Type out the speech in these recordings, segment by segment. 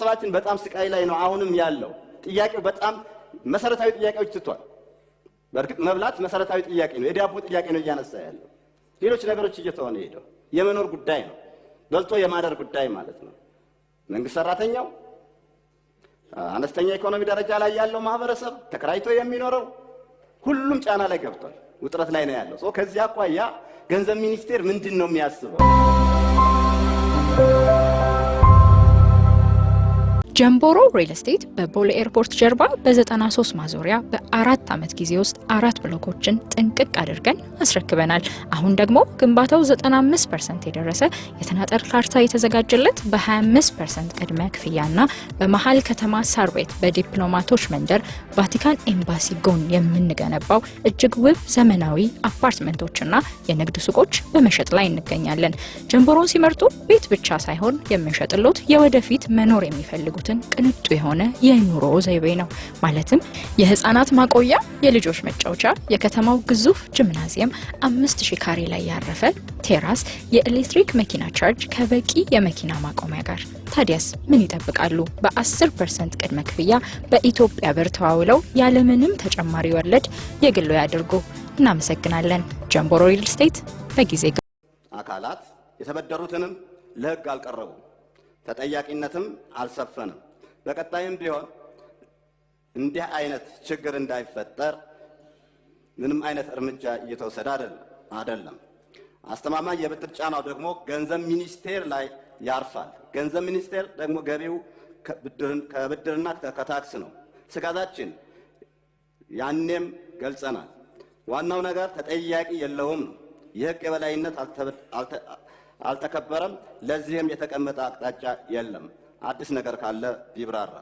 ህዝባችን በጣም ስቃይ ላይ ነው አሁንም ያለው። ጥያቄው በጣም መሰረታዊ ጥያቄዎች ትቷል። በእርግጥ መብላት መሰረታዊ ጥያቄ ነው፣ የዳቦ ጥያቄ ነው እያነሳ ያለው። ሌሎች ነገሮች እየተሆነ ሄደው የመኖር ጉዳይ ነው፣ በልቶ የማደር ጉዳይ ማለት ነው። መንግስት ሰራተኛው፣ አነስተኛ ኢኮኖሚ ደረጃ ላይ ያለው ማህበረሰብ፣ ተከራይቶ የሚኖረው ሁሉም ጫና ላይ ገብቷል፣ ውጥረት ላይ ነው ያለው። ከዚህ አኳያ ገንዘብ ሚኒስቴር ምንድን ነው የሚያስበው? ጀምቦሮ ሪል ስቴት በቦሌ ኤርፖርት ጀርባ በ93 ማዞሪያ በአራት ዓመት ጊዜ ውስጥ አራት ብሎኮችን ጥንቅቅ አድርገን አስረክበናል። አሁን ደግሞ ግንባታው 95 ፐርሰንት የደረሰ የተናጠር ካርታ የተዘጋጀለት በ25 ፐርሰንት ቅድመ ክፍያና በመሀል ከተማ ሳር ቤት በዲፕሎማቶች መንደር ቫቲካን ኤምባሲ ጎን የምንገነባው እጅግ ውብ ዘመናዊ አፓርትመንቶችና የንግድ ሱቆች በመሸጥ ላይ እንገኛለን። ጀምቦሮን ሲመርጡ ቤት ብቻ ሳይሆን የምንሸጥሎት የወደፊት መኖር የሚፈልጉት የሚያደርጉትን ቅንጡ የሆነ የኑሮ ዘይቤ ነው። ማለትም የህፃናት ማቆያ፣ የልጆች መጫወቻ፣ የከተማው ግዙፍ ጅምናዚየም፣ አምስት ሺ ካሬ ላይ ያረፈ ቴራስ፣ የኤሌክትሪክ መኪና ቻርጅ ከበቂ የመኪና ማቆሚያ ጋር። ታዲያስ ምን ይጠብቃሉ? በ10 ፐርሰንት ቅድመ ክፍያ በኢትዮጵያ ብር ተዋውለው ያለምንም ተጨማሪ ወለድ የግሎ ያድርጉ። እናመሰግናለን። ጀምቦሮ ሪል ስቴት በጊዜ አካላት የተበደሩትንም ለህግ አልቀረቡም። ተጠያቂነትም አልሰፈንም። በቀጣይም ቢሆን እንዲህ አይነት ችግር እንዳይፈጠር ምንም አይነት እርምጃ እየተወሰደ አይደለም። አስተማማኝ የብድር ጫናው ደግሞ ገንዘብ ሚኒስቴር ላይ ያርፋል። ገንዘብ ሚኒስቴር ደግሞ ገቢው ከብድርና ከታክስ ነው። ስጋታችን ያኔም ገልጸናል። ዋናው ነገር ተጠያቂ የለውም ነው። የህግ የበላይነት አልተከበረም። ለዚህም የተቀመጠ አቅጣጫ የለም። አዲስ ነገር ካለ ቢብራራ።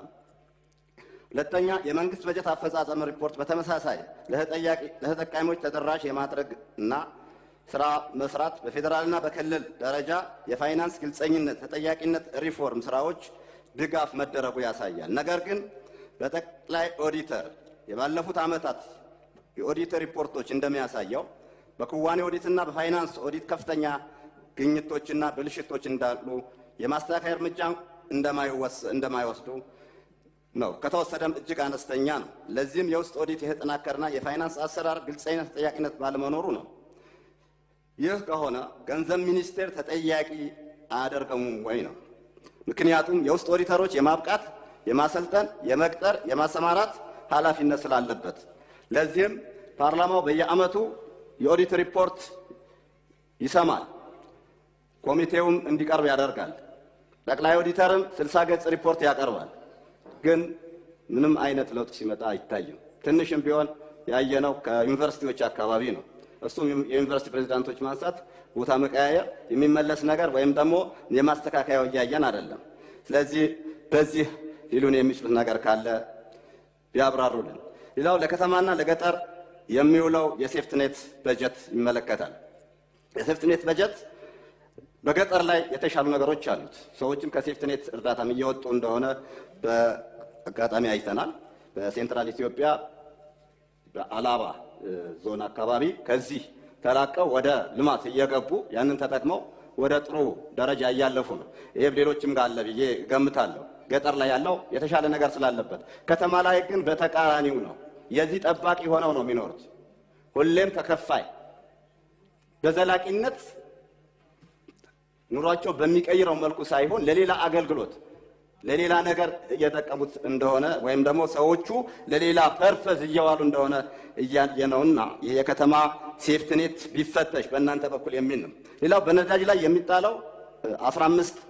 ሁለተኛ የመንግስት በጀት አፈጻጸም ሪፖርት በተመሳሳይ ለተጠቃሚዎች ተደራሽ የማድረግ እና ስራ መስራት በፌዴራልና በክልል ደረጃ የፋይናንስ ግልጸኝነት፣ ተጠያቂነት ሪፎርም ስራዎች ድጋፍ መደረጉ ያሳያል። ነገር ግን በጠቅላይ ኦዲተር የባለፉት ዓመታት የኦዲት ሪፖርቶች እንደሚያሳየው በክዋኔ ኦዲትና በፋይናንስ ኦዲት ከፍተኛ ግኝቶችና ብልሽቶች እንዳሉ የማስተካከያ እርምጃ እንደማይወስዱ ነው። ከተወሰደም እጅግ አነስተኛ ነው። ለዚህም የውስጥ ኦዲት የተጠናከረና የፋይናንስ አሰራር ግልጸኝነት፣ ተጠያቂነት ባለመኖሩ ነው። ይህ ከሆነ ገንዘብ ሚኒስቴር ተጠያቂ አያደርገሙም ወይ ነው? ምክንያቱም የውስጥ ኦዲተሮች የማብቃት፣ የማሰልጠን፣ የመቅጠር፣ የማሰማራት ኃላፊነት ስላለበት። ለዚህም ፓርላማው በየዓመቱ የኦዲት ሪፖርት ይሰማል። ኮሚቴውም እንዲቀርብ ያደርጋል። ጠቅላይ ኦዲተርም ስልሳ ገጽ ሪፖርት ያቀርባል። ግን ምንም አይነት ለውጥ ሲመጣ አይታይም። ትንሽም ቢሆን ያየነው ከዩኒቨርሲቲዎች አካባቢ ነው። እሱም የዩኒቨርሲቲ ፕሬዚዳንቶች ማንሳት፣ ቦታ መቀያየር፣ የሚመለስ ነገር ወይም ደግሞ የማስተካከያው እያየን አይደለም። ስለዚህ በዚህ ሊሉን የሚችሉት ነገር ካለ ቢያብራሩልን። ሌላው ለከተማና ለገጠር የሚውለው የሴፍትኔት በጀት ይመለከታል። የሴፍትኔት በጀት በገጠር ላይ የተሻሉ ነገሮች አሉት። ሰዎችም ከሴፍትኔት እርዳታም እየወጡ እንደሆነ በአጋጣሚ አይተናል። በሴንትራል ኢትዮጵያ በአላባ ዞን አካባቢ ከዚህ ተላቀው ወደ ልማት እየገቡ ያንን ተጠቅመው ወደ ጥሩ ደረጃ እያለፉ ነው። ይህም ሌሎችም ጋር አለ ብዬ ገምታለሁ። ገጠር ላይ ያለው የተሻለ ነገር ስላለበት፣ ከተማ ላይ ግን በተቃራኒው ነው። የዚህ ጠባቂ ሆነው ነው የሚኖሩት። ሁሌም ተከፋይ በዘላቂነት ኑሯቸው በሚቀይረው መልኩ ሳይሆን ለሌላ አገልግሎት ለሌላ ነገር እየጠቀሙት እንደሆነ ወይም ደግሞ ሰዎቹ ለሌላ ፐርፐዝ እየዋሉ እንደሆነ እያየ ነውና ይህ የከተማ ሴፍትኔት ቢፈተሽ በእናንተ በኩል የሚል ነው። ሌላው በነዳጅ ላይ የሚጣለው 15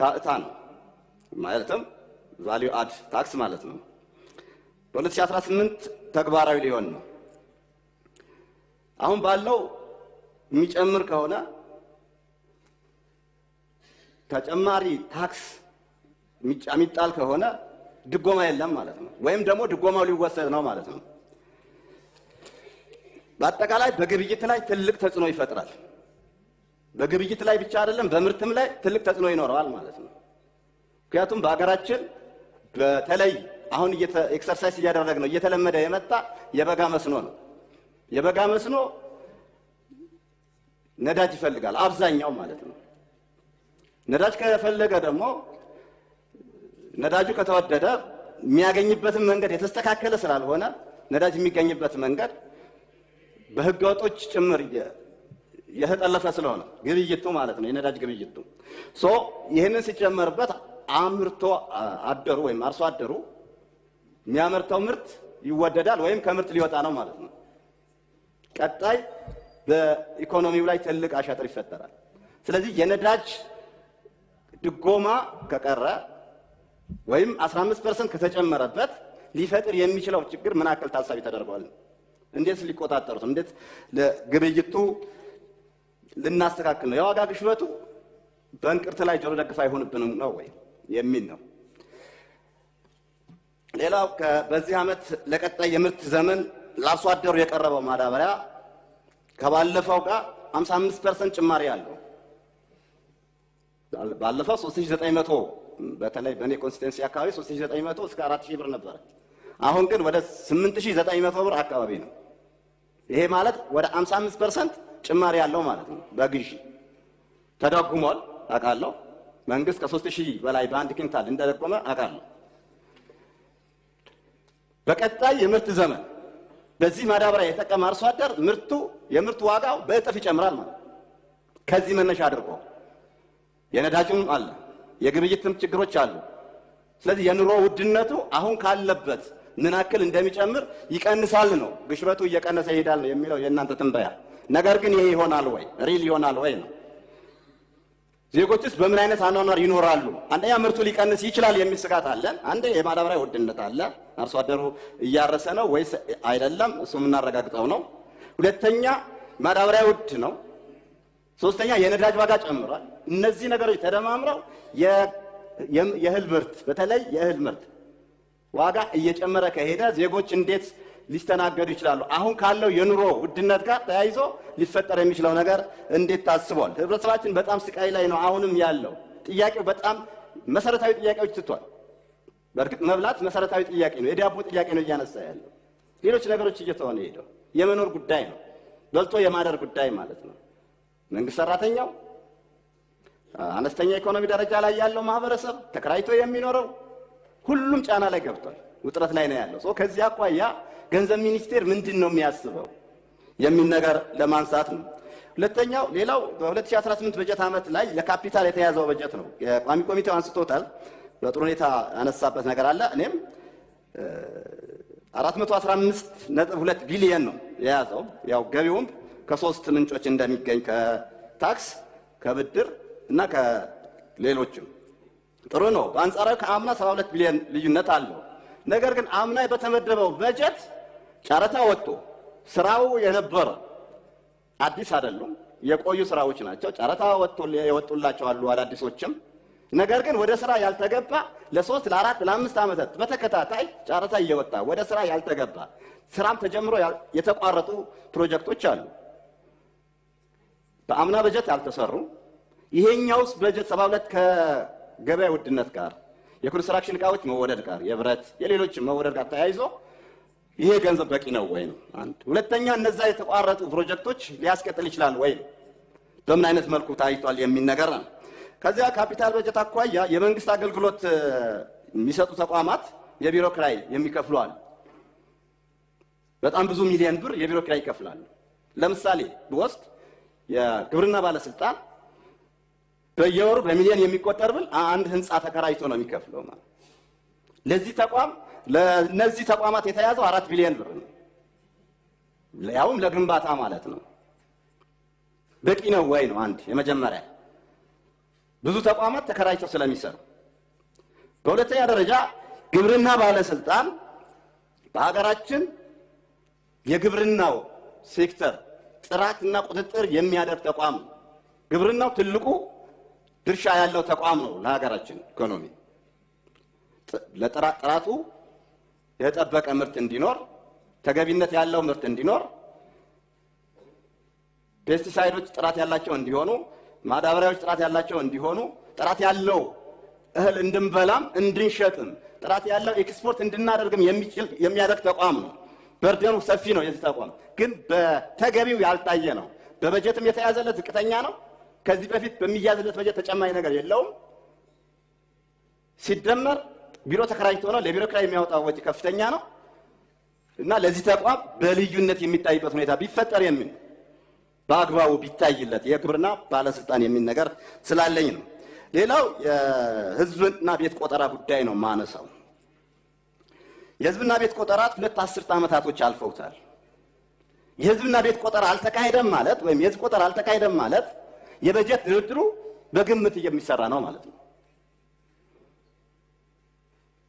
ታእታ ነው፣ ማለትም ቫሊዩ አድ ታክስ ማለት ነው። በ2018 ተግባራዊ ሊሆን ነው። አሁን ባለው የሚጨምር ከሆነ ተጨማሪ ታክስ የሚጣል ከሆነ ድጎማ የለም ማለት ነው። ወይም ደግሞ ድጎማው ሊወሰድ ነው ማለት ነው። በአጠቃላይ በግብይት ላይ ትልቅ ተጽዕኖ ይፈጥራል። በግብይት ላይ ብቻ አይደለም፣ በምርትም ላይ ትልቅ ተጽዕኖ ይኖረዋል ማለት ነው። ምክንያቱም በሀገራችን በተለይ አሁን ኤክሰርሳይዝ እያደረግ ነው እየተለመደ የመጣ የበጋ መስኖ ነው። የበጋ መስኖ ነዳጅ ይፈልጋል አብዛኛው ማለት ነው። ነዳጅ ከፈለገ ደግሞ ነዳጁ ከተወደደ የሚያገኝበትን መንገድ የተስተካከለ ስላልሆነ ነዳጅ የሚገኝበት መንገድ በህገ ወጦች ጭምር የተጠለፈ ስለሆነ ግብይቱ ማለት ነው የነዳጅ ግብይቱ ሶ ይህንን ሲጨመርበት አምርቶ አደሩ ወይም አርሶ አደሩ የሚያመርተው ምርት ይወደዳል ወይም ከምርት ሊወጣ ነው ማለት ነው። ቀጣይ በኢኮኖሚው ላይ ትልቅ አሻጥር ይፈጠራል። ስለዚህ የነዳጅ ድጎማ ከቀረ ወይም 15 ፐርሰንት ከተጨመረበት ሊፈጥር የሚችለው ችግር ምን ያክል ታሳቢ ተደርጓል? እንዴት ሊቆጣጠሩት፣ እንዴት ለግብይቱ ልናስተካክል ነው? የዋጋ ግሽበቱ በእንቅርት ላይ ጆሮ ደግፍ አይሆንብንም ነው ወይ የሚል ነው። ሌላው በዚህ ዓመት ለቀጣይ የምርት ዘመን ለአርሶ አደሩ የቀረበው ማዳበሪያ ከባለፈው ጋር 55 ፐርሰንት ጭማሪ አለው። ባለፈው 3900 በተለይ በእኔ ኮንስቲቴንሲ አካባቢ 3900 እስከ 4000 ብር ነበረ። አሁን ግን ወደ 8900 ብር አካባቢ ነው። ይሄ ማለት ወደ 55% ጭማሪ ያለው ማለት ነው። በግዢ ተደጉሟል አውቃለሁ። መንግስት ከ3000 በላይ በአንድ ኪንታል እንደደጎመ አውቃለሁ። በቀጣይ የምርት ዘመን በዚህ ማዳበሪያ የተጠቀመ አርሶ አደር ምርቱ የምርቱ ዋጋው በእጥፍ ይጨምራል ማለት ከዚህ መነሻ አድርጎ የነዳጅም አለ፣ የግብይትም ችግሮች አሉ። ስለዚህ የኑሮ ውድነቱ አሁን ካለበት ምን አክል እንደሚጨምር ይቀንሳል ነው ግሽበቱ እየቀነሰ ይሄዳል ነው የሚለው የእናንተ ትንበያ። ነገር ግን ይሄ ይሆናል ወይ ሪል ይሆናል ወይ ነው። ዜጎችስ በምን አይነት አኗኗር ይኖራሉ? አንደኛ ምርቱ ሊቀንስ ይችላል የሚል ስጋት አለን። አንድ የማዳበሪያ ውድነት አለ። አርሶ አደሩ እያረሰ ነው ወይስ አይደለም? እሱ የምናረጋግጠው ነው። ሁለተኛ ማዳበሪያ ውድ ነው። ሶስተኛ የነዳጅ ዋጋ ጨምሯል። እነዚህ ነገሮች ተደማምረው የእህል ምርት በተለይ የእህል ምርት ዋጋ እየጨመረ ከሄደ ዜጎች እንዴት ሊስተናገዱ ይችላሉ? አሁን ካለው የኑሮ ውድነት ጋር ተያይዞ ሊፈጠር የሚችለው ነገር እንዴት ታስቧል? ህብረተሰባችን በጣም ስቃይ ላይ ነው አሁንም ያለው። ጥያቄው በጣም መሰረታዊ ጥያቄዎች ትቷል። በእርግጥ መብላት መሰረታዊ ጥያቄ ነው፣ የዳቦ ጥያቄ ነው እያነሳ ያለው። ሌሎች ነገሮች እየተሆነ ሄደው የመኖር ጉዳይ ነው፣ በልቶ የማደር ጉዳይ ማለት ነው። መንግስት ሰራተኛው፣ አነስተኛ ኢኮኖሚ ደረጃ ላይ ያለው ማህበረሰብ፣ ተከራይቶ የሚኖረው ሁሉም ጫና ላይ ገብቷል፣ ውጥረት ላይ ነው ያለው። ከዚህ አኳያ ገንዘብ ሚኒስቴር ምንድን ነው የሚያስበው የሚል ነገር ለማንሳት ነው። ሁለተኛው ሌላው በ2018 በጀት ዓመት ላይ ለካፒታል የተያዘው በጀት ነው። የቋሚ ኮሚቴው አንስቶታል፣ በጥሩ ሁኔታ ያነሳበት ነገር አለ። እኔም 415.2 ቢሊየን ነው የያዘው ያው ገቢውም ከሶስት ምንጮች እንደሚገኝ ከታክስ፣ ከብድር እና ከሌሎችም። ጥሩ ነው። በአንጻራዊ ከአምና 72 ቢሊዮን ልዩነት አለው። ነገር ግን አምና በተመደበው በጀት ጨረታ ወጥቶ ስራው የነበረ አዲስ አይደሉም፣ የቆዩ ስራዎች ናቸው። ጨረታ የወጡላቸው አሉ አዳዲሶችም። ነገር ግን ወደ ስራ ያልተገባ ለሶስት ለአራት ለአምስት ዓመታት በተከታታይ ጨረታ እየወጣ ወደ ስራ ያልተገባ ስራም ተጀምሮ የተቋረጡ ፕሮጀክቶች አሉ። በአምና በጀት ያልተሰሩ ይሄኛውስ በጀት 72 ከገበያ ውድነት ጋር የኮንስትራክሽን እቃዎች መወደድ ጋር የብረት የሌሎች መወደድ ጋር ተያይዞ ይሄ ገንዘብ በቂ ነው ወይ ነው አንድ። ሁለተኛ እነዛ የተቋረጡ ፕሮጀክቶች ሊያስቀጥል ይችላል ወይ በምን አይነት መልኩ ታይቷል የሚል ነገር ነው። ከዚያ ካፒታል በጀት አኳያ የመንግስት አገልግሎት የሚሰጡ ተቋማት የቢሮ ክራይ የሚከፍሉ አሉ። በጣም ብዙ ሚሊዮን ብር የቢሮ ክራይ ይከፍላሉ። ለምሳሌ ብወስድ የግብርና ባለስልጣን በየወሩ በሚሊዮን የሚቆጠር ብል አንድ ህንፃ ተከራይቶ ነው የሚከፍለው ማለት ለዚህ ተቋም ለነዚህ ተቋማት የተያዘው አራት ቢሊዮን ብር ነው። ያውም ለግንባታ ማለት ነው። በቂ ነው ወይ ነው አንድ የመጀመሪያ ብዙ ተቋማት ተከራይተው ስለሚሰሩ። በሁለተኛ ደረጃ ግብርና ባለስልጣን በሀገራችን የግብርናው ሴክተር ጥራትና ቁጥጥር የሚያደርግ ተቋም ነው። ግብርናው ትልቁ ድርሻ ያለው ተቋም ነው ለሀገራችን ኢኮኖሚ። ለጥራቱ የጠበቀ ምርት እንዲኖር፣ ተገቢነት ያለው ምርት እንዲኖር፣ ፔስቲሳይዶች ጥራት ያላቸው እንዲሆኑ፣ ማዳበሪያዎች ጥራት ያላቸው እንዲሆኑ፣ ጥራት ያለው እህል እንድንበላም እንድንሸጥም፣ ጥራት ያለው ኤክስፖርት እንድናደርግም የሚያደርግ ተቋም ነው። በርደኑ ሰፊ ነው። የዚህ ተቋም ግን በተገቢው ያልታየ ነው። በበጀትም የተያዘለት ዝቅተኛ ነው። ከዚህ በፊት በሚያዝለት በጀት ተጨማሪ ነገር የለውም። ሲደመር ቢሮ ተከራይቶ ነው። ለቢሮ የሚያወጣው ወጪ ከፍተኛ ነው እና ለዚህ ተቋም በልዩነት የሚታይበት ሁኔታ ቢፈጠር የሚል በአግባቡ ቢታይለት የግብርና ባለስልጣን የሚል ነገር ስላለኝ ነው። ሌላው የህዝብና ቤት ቆጠራ ጉዳይ ነው ማነሳው የህዝብና ቤት ቆጠራት ሁለት አስርት ዓመታቶች አልፈውታል። የህዝብና ቤት ቆጠራ አልተካሄደም ማለት ወይም የህዝብ ቆጠራ አልተካሄደም ማለት የበጀት ድርድሩ በግምት የሚሰራ ነው ማለት ነው።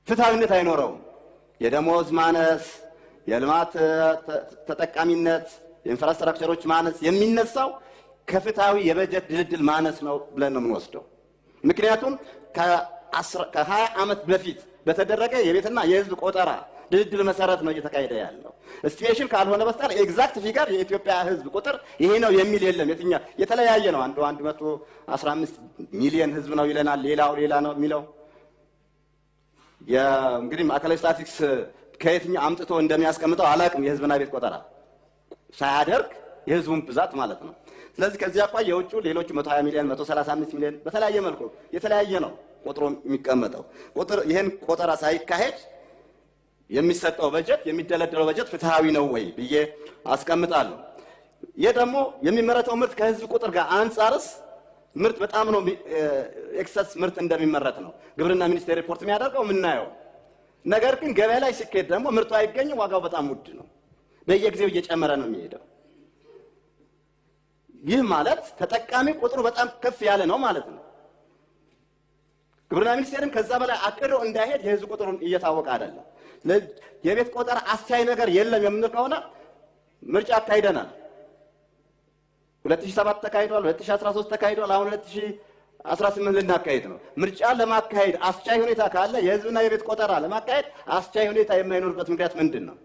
ፍትሐዊነት አይኖረውም። የደሞዝ ማነስ፣ የልማት ተጠቃሚነት፣ የኢንፍራስትራክቸሮች ማነስ የሚነሳው ከፍትሐዊ የበጀት ድልድል ማነስ ነው ብለን ነው የምንወስደው። ምክንያቱም ከሀያ ዓመት በፊት በተደረገ የቤትና የህዝብ ቆጠራ ድልድል መሰረት ነው እየተካሄደ ያለው። እስቲሜሽን ካልሆነ በስተቀር ኤግዛክት ፊገር የኢትዮጵያ ህዝብ ቁጥር ይሄ ነው የሚል የለም። የትኛ የተለያየ ነው። አንዱ 115 ሚሊዮን ህዝብ ነው ይለናል፣ ሌላው ሌላ ነው የሚለው እንግዲህ ማዕከላዊ ስታቲስቲክስ ከየትኛ አምጥቶ እንደሚያስቀምጠው አላቅም። የህዝብና ቤት ቆጠራ ሳያደርግ የህዝቡን ብዛት ማለት ነው። ስለዚህ ከዚህ አኳያ የውጭ ሌሎቹ 120 ሚሊዮን 135 ሚሊዮን በተለያየ መልኩ የተለያየ ነው። ቆጥሮ የሚቀመጠው። ይህን ቆጠራ ሳይካሄድ የሚሰጠው በጀት የሚደለደለው በጀት ፍትሐዊ ነው ወይ ብዬ አስቀምጣለሁ። ይህ ደግሞ የሚመረተው ምርት ከህዝብ ቁጥር ጋር አንጻርስ ምርት በጣም ነው ኤክሰስ ምርት እንደሚመረት ነው ግብርና ሚኒስቴር ሪፖርት የሚያደርገው የምናየው። ነገር ግን ገበያ ላይ ሲካሄድ ደግሞ ምርቱ አይገኝም፣ ዋጋው በጣም ውድ ነው፣ በየጊዜው እየጨመረ ነው የሚሄደው። ይህ ማለት ተጠቃሚ ቁጥሩ በጣም ከፍ ያለ ነው ማለት ነው። ግብርና ሚኒስቴርም ከዛ በላይ አቅዶ እንዳይሄድ የህዝብ ቁጥሩን እየታወቀ አይደለም። የቤት ቆጠራ አስቻይ ነገር የለም የምንል ከሆነ ምርጫ አካሂደናል። 2007 ተካሂዷል። 2013 ተካሂዷል። አሁን 2018 ልናካሄድ ነው። ምርጫ ለማካሄድ አስቻይ ሁኔታ ካለ የህዝብና የቤት ቆጠራ ለማካሄድ አስቻይ ሁኔታ የማይኖርበት ምክንያት ምንድን ነው?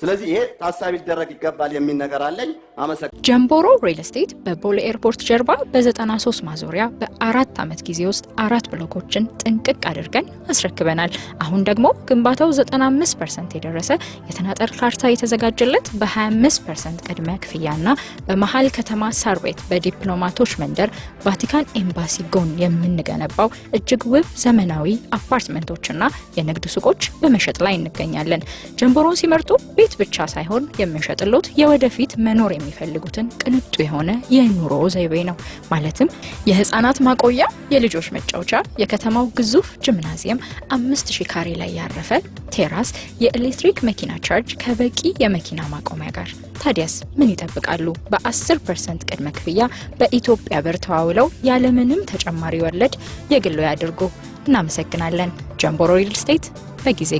ስለዚህ ይሄ ታሳቢ ሊደረግ ይገባል የሚል ነገር አለኝ። አመሰግናለሁ። ጀምቦሮ ሪል ስቴት በቦሌ ኤርፖርት ጀርባ በ93 ማዞሪያ በአራት ዓመት ጊዜ ውስጥ አራት ብሎኮችን ጥንቅቅ አድርገን አስረክበናል። አሁን ደግሞ ግንባታው 95 ፐርሰንት የደረሰ የተናጠር ካርታ የተዘጋጀለት በ25 ፐርሰንት ቅድመ ክፍያና በመሀል ከተማ ሳር ቤት በዲፕሎማቶች መንደር ቫቲካን ኤምባሲ ጎን የምንገነባው እጅግ ውብ ዘመናዊ አፓርትመንቶችና የንግድ ሱቆች በመሸጥ ላይ እንገኛለን። ጀምቦሮን ሲመርጡ ቤት ብቻ ሳይሆን የምንሸጥሎት የወደፊት መኖር የሚፈልጉትን ቅንጡ የሆነ የኑሮ ዘይቤ ነው። ማለትም የህፃናት ማቆያ፣ የልጆች መጫወቻ፣ የከተማው ግዙፍ ጂምናዚየም፣ አምስት ሺ ካሬ ላይ ያረፈ ቴራስ፣ የኤሌክትሪክ መኪና ቻርጅ ከበቂ የመኪና ማቆሚያ ጋር። ታዲያስ ምን ይጠብቃሉ? በ10 ፐርሰንት ቅድመ ክፍያ በኢትዮጵያ ብር ተዋውለው ያለምንም ተጨማሪ ወለድ የግሎ ያድርጉ። እናመሰግናለን። ጀምቦሮ ሪል ስቴት በጊዜ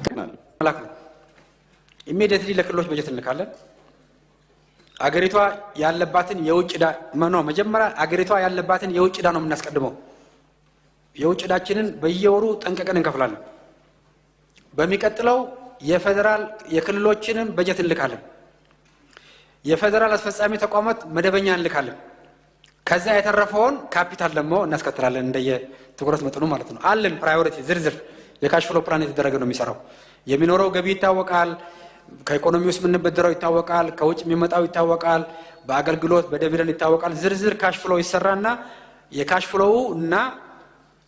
ኢሚዲየትሊ ለክልሎች በጀት እንልካለን። አገሪቷ ያለባትን የውጭ ዕዳ መኖ መጀመሪያ አገሪቷ ያለባትን የውጭ ዕዳ ነው የምናስቀድመው። የውጭ ዕዳችንን በየወሩ ጠንቀቀን እንከፍላለን። በሚቀጥለው የፌዴራል የክልሎችንም በጀት እንልካለን። የፌዴራል አስፈጻሚ ተቋማት መደበኛ እንልካለን። ከዛ የተረፈውን ካፒታል ደግሞ እናስከትላለን፣ እንደየ ትኩረት መጠኑ ማለት ነው። አለን ፕራዮሪቲ ዝርዝር የካሽ ፍሎ ፕላን የተደረገ ነው የሚሰራው። የሚኖረው ገቢ ይታወቃል። ከኢኮኖሚ ውስጥ የምንበደረው ይታወቃል። ከውጭ የሚመጣው ይታወቃል። በአገልግሎት በደቪደንድ ይታወቃል። ዝርዝር ካሽ ፍሎው ይሰራና የካሽ ፍሎው እና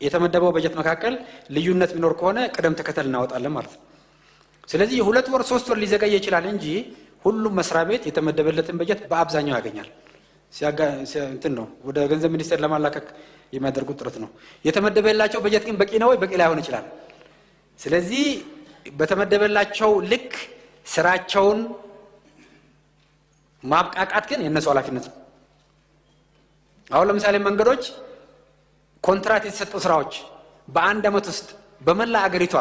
የተመደበው በጀት መካከል ልዩነት የሚኖር ከሆነ ቅደም ተከተል እናወጣለን ማለት ነው። ስለዚህ የሁለት ወር ሶስት ወር ሊዘገይ ይችላል እንጂ ሁሉም መስሪያ ቤት የተመደበለትን በጀት በአብዛኛው ያገኛል። እንትን ነው ወደ ገንዘብ ሚኒስቴር ለማላከክ የሚያደርጉት ጥረት ነው። የተመደበላቸው በጀት ግን በቂ ነው ወይ? በቂ ላይሆን ይችላል። ስለዚህ በተመደበላቸው ልክ ስራቸውን ማብቃቃት ግን የእነሱ ኃላፊነት ነው። አሁን ለምሳሌ መንገዶች ኮንትራክት የተሰጡ ስራዎች በአንድ አመት ውስጥ በመላ አገሪቷ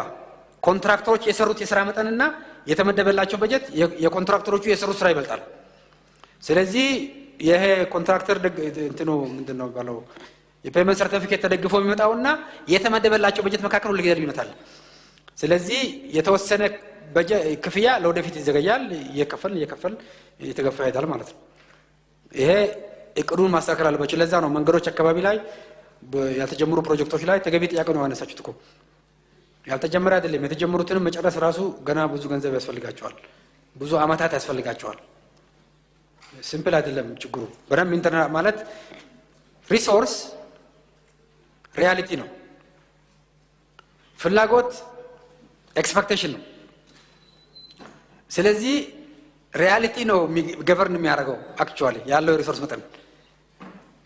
ኮንትራክተሮች የሰሩት የስራ መጠንና የተመደበላቸው በጀት የኮንትራክተሮቹ የሰሩት ስራ ይበልጣል። ስለዚህ ይሄ ኮንትራክተር እንትኑ ምንድን ነው ባለው የፔመንት ሰርተፊኬት ተደግፎ የሚመጣውና የተመደበላቸው በጀት መካከል ሁልጊዜ ልዩነት አለ። ስለዚህ የተወሰነ ክፍያ ለወደፊት ይዘገያል። እየከፈል እየከፈል እየተገፋ ይሄዳል ማለት ነው። ይሄ እቅዱን ማስተካከል አለባቸው። ለዛ ነው መንገዶች አካባቢ ላይ ያልተጀመሩ ፕሮጀክቶች ላይ ተገቢ ጥያቄ ነው ያነሳችሁት እኮ ያልተጀመረ አይደለም። የተጀመሩትንም መጨረስ ራሱ ገና ብዙ ገንዘብ ያስፈልጋቸዋል፣ ብዙ አመታት ያስፈልጋቸዋል። ሲምፕል አይደለም ችግሩ። በደም ኢንተርኔት ማለት ሪሶርስ ሪያሊቲ ነው፣ ፍላጎት ኤክስፐክቴሽን ነው። ስለዚህ ሪያሊቲ ነው ገቨርን የሚያደርገው አክቹዋሊ ያለው የሪሶርስ መጠን።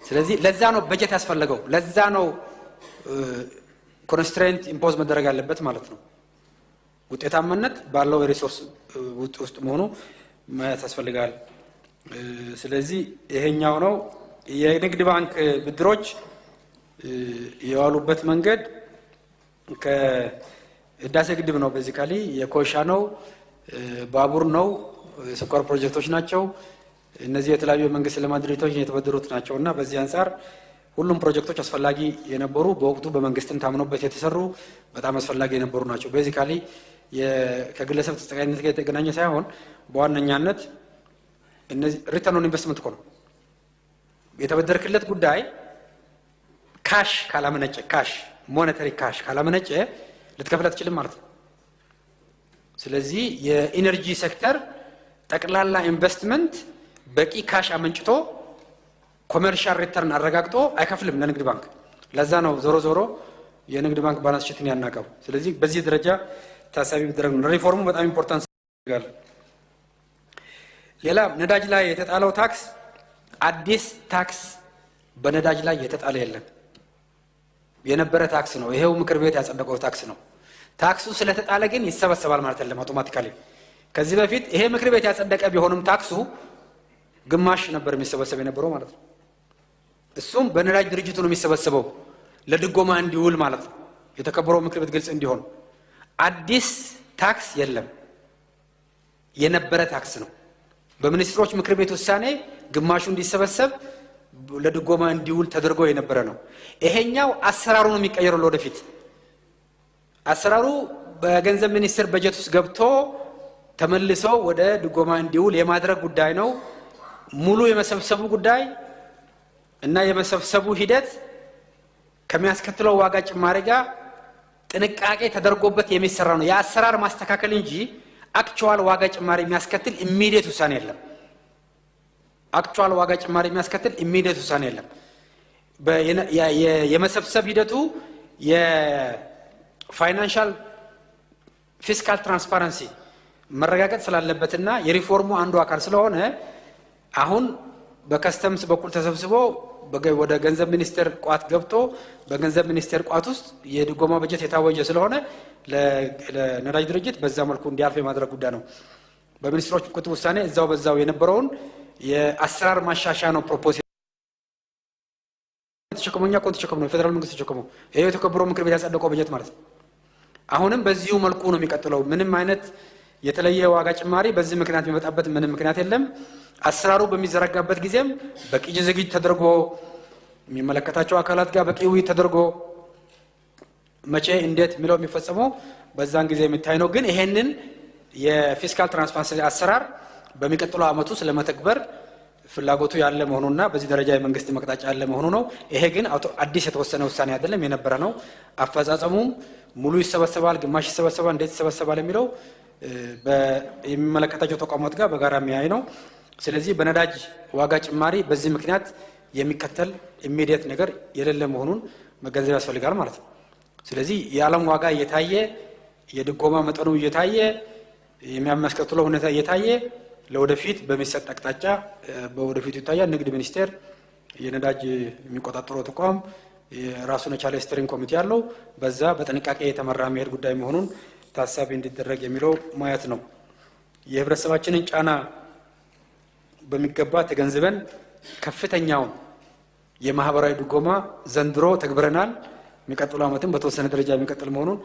ስለዚህ ለዛ ነው በጀት ያስፈለገው፣ ለዛ ነው ኮንስትሬንት ኢምፖዝ መደረግ ያለበት ማለት ነው። ውጤታማነት ባለው ሪሶርስ ውስጥ መሆኑ ማየት ያስፈልጋል። ስለዚህ ይሄኛው ነው የንግድ ባንክ ብድሮች የዋሉበት መንገድ ከህዳሴ ግድብ ነው፣ በዚካሊ የኮሻ ነው። ባቡር ነው፣ የስኳር ፕሮጀክቶች ናቸው። እነዚህ የተለያዩ የመንግስት ልማት ድርጅቶች የተበደሩት ናቸው እና በዚህ አንጻር ሁሉም ፕሮጀክቶች አስፈላጊ የነበሩ በወቅቱ በመንግስትን ታምኖበት የተሰሩ በጣም አስፈላጊ የነበሩ ናቸው። ቤዚካሊ ከግለሰብ ተጠቃሚነት ጋር የተገናኘ ሳይሆን በዋነኛነት ሪተርን ኦን ኢንቨስትመንት እኮ ነው የተበደርክለት ጉዳይ ካሽ ካላመነጨ ካሽ ሞኔተሪ ካሽ ካላመነጨ ልትከፍል አትችልም ማለት ነው። ስለዚህ የኢነርጂ ሴክተር ጠቅላላ ኢንቨስትመንት በቂ ካሽ አመንጭቶ ኮመርሻል ሪተርን አረጋግጦ አይከፍልም ለንግድ ባንክ። ለዛ ነው ዞሮ ዞሮ የንግድ ባንክ ባላንስ ሽትን ያናቀው። ስለዚህ በዚህ ደረጃ ታሳቢ የሚደረግ ነው። ሪፎርሙ በጣም ኢምፖርታንስ ያደርጋል። ሌላ ነዳጅ ላይ የተጣለው ታክስ፣ አዲስ ታክስ በነዳጅ ላይ የተጣለ የለም። የነበረ ታክስ ነው። ይሄው ምክር ቤት ያጸደቀው ታክስ ነው። ታክሱ ስለተጣለ ግን ይሰበሰባል ማለት አይደለም አውቶማቲካሊ። ከዚህ በፊት ይሄ ምክር ቤት ያጸደቀ ቢሆንም ታክሱ ግማሽ ነበር የሚሰበሰብ የነበረው ማለት ነው። እሱም በነዳጅ ድርጅቱ ነው የሚሰበሰበው ለድጎማ እንዲውል ማለት ነው። የተከበረው ምክር ቤት ግልጽ እንዲሆን አዲስ ታክስ የለም፣ የነበረ ታክስ ነው። በሚኒስትሮች ምክር ቤት ውሳኔ ግማሹ እንዲሰበሰብ ለድጎማ እንዲውል ተደርጎ የነበረ ነው። ይሄኛው አሰራሩ ነው የሚቀየረው ለወደፊት አሰራሩ በገንዘብ ሚኒስቴር በጀት ውስጥ ገብቶ ተመልሶ ወደ ድጎማ እንዲውል የማድረግ ጉዳይ ነው። ሙሉ የመሰብሰቡ ጉዳይ እና የመሰብሰቡ ሂደት ከሚያስከትለው ዋጋ ጭማሪ ጋር ጥንቃቄ ተደርጎበት የሚሰራ ነው። የአሰራር ማስተካከል እንጂ አክቹዋል ዋጋ ጭማሪ የሚያስከትል ኢሚዲየት ውሳኔ የለም። አክቹዋል ዋጋ ጭማሪ የሚያስከትል ኢሚዲየት ውሳኔ የለም። የመሰብሰብ ሂደቱ ፋይናንሻል ፊስካል ትራንስፓረንሲ መረጋገጥ ስላለበትና የሪፎርሙ አንዱ አካል ስለሆነ አሁን በከስተምስ በኩል ተሰብስቦ ወደ ገንዘብ ሚኒስቴር ቋት ገብቶ በገንዘብ ሚኒስቴር ቋት ውስጥ የድጎማ በጀት የታወጀ ስለሆነ ለነዳጅ ድርጅት በዛ መልኩ እንዲያልፍ የማድረግ ጉዳይ ነው። በሚኒስትሮች ምክትል ውሳኔ እዛው በዛው የነበረውን የአሰራር ማሻሻያ ነው ፕሮፖዝ ተሸክሞኛ ኮን ተሸክሞ ነው የፌዴራል መንግስት ተሸክሞ ይህ ምክር ቤት ያጸደቀው በጀት ማለት ነው። አሁንም በዚሁ መልኩ ነው የሚቀጥለው። ምንም አይነት የተለየ ዋጋ ጭማሪ በዚህ ምክንያት የሚመጣበት ምንም ምክንያት የለም። አሰራሩ በሚዘረጋበት ጊዜም በቂ ዝግጅ ተደርጎ የሚመለከታቸው አካላት ጋር በቂ ውይይት ተደርጎ መቼ እንዴት የሚለው የሚፈጸመው በዛን ጊዜ የሚታይ ነው። ግን ይሄንን የፊስካል ትራንስፈር አሰራር በሚቀጥለው አመቱ ስለመተግበር ለመተግበር ፍላጎቱ ያለ መሆኑና በዚህ ደረጃ የመንግስት መቅጣጫ ያለ መሆኑ ነው። ይሄ ግን አዲስ የተወሰነ ውሳኔ አይደለም፣ የነበረ ነው። አፈጻጸሙም ሙሉ ይሰበሰባል፣ ግማሽ ይሰበሰባል፣ እንዴት ይሰበሰባል የሚለው የሚመለከታቸው ተቋማት ጋር በጋራ የሚያይ ነው። ስለዚህ በነዳጅ ዋጋ ጭማሪ በዚህ ምክንያት የሚከተል ኢሚዲየት ነገር የሌለ መሆኑን መገንዘብ ያስፈልጋል ማለት ነው። ስለዚህ የዓለም ዋጋ እየታየ የድጎማ መጠኑ እየታየ የሚያስከትለው ሁኔታ እየታየ ለወደፊት በሚሰጥ አቅጣጫ በወደፊቱ ይታያል። ንግድ ሚኒስቴር የነዳጅ የሚቆጣጠረው ተቋም የራሱን የቻለ ስትሪንግ ኮሚቴ ያለው በዛ በጥንቃቄ የተመራ መሄድ ጉዳይ መሆኑን ታሳቢ እንዲደረግ የሚለው ማየት ነው። የህብረተሰባችንን ጫና በሚገባ ተገንዝበን ከፍተኛውን የማህበራዊ ድጎማ ዘንድሮ ተግብረናል። የሚቀጥሉ ዓመትም በተወሰነ ደረጃ የሚቀጥል መሆኑን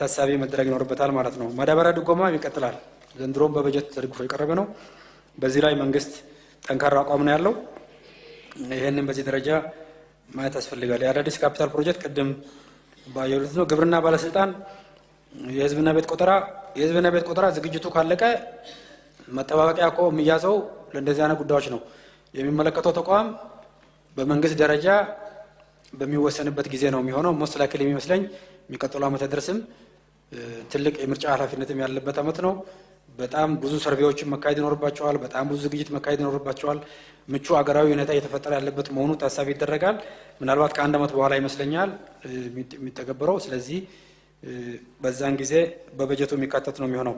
ታሳቢ መደረግ ይኖርበታል ማለት ነው። ማዳበሪያ ድጎማ ይቀጥላል። ዘንድሮም በበጀት ተደግፎ የቀረበ ነው። በዚህ ላይ መንግስት ጠንካራ አቋም ነው ያለው። ይህንን በዚህ ደረጃ ማየት ያስፈልጋል። የአዳዲስ ካፒታል ፕሮጀክት ቅድም ባየሉት ነው። ግብርና ባለስልጣን የህዝብና ቤት ቆጠራ የህዝብና ቤት ቆጠራ ዝግጅቱ ካለቀ መጠባበቂያ እኮ የሚያዘው ለእንደዚህ አይነት ጉዳዮች ነው። የሚመለከተው ተቋም በመንግስት ደረጃ በሚወሰንበት ጊዜ ነው የሚሆነው። ሞስት ላይክል የሚመስለኝ የሚቀጥለው ዓመት ድረስም ትልቅ የምርጫ ኃላፊነትም ያለበት ዓመት ነው። በጣም ብዙ ሰርቪዎችን መካሄድ ይኖርባቸዋል። በጣም ብዙ ዝግጅት መካሄድ ይኖርባቸዋል። ምቹ አገራዊ ሁኔታ እየተፈጠረ ያለበት መሆኑ ታሳቢ ይደረጋል። ምናልባት ከአንድ ዓመት በኋላ ይመስለኛል የሚተገበረው። ስለዚህ በዛን ጊዜ በበጀቱ የሚካተት ነው የሚሆነው።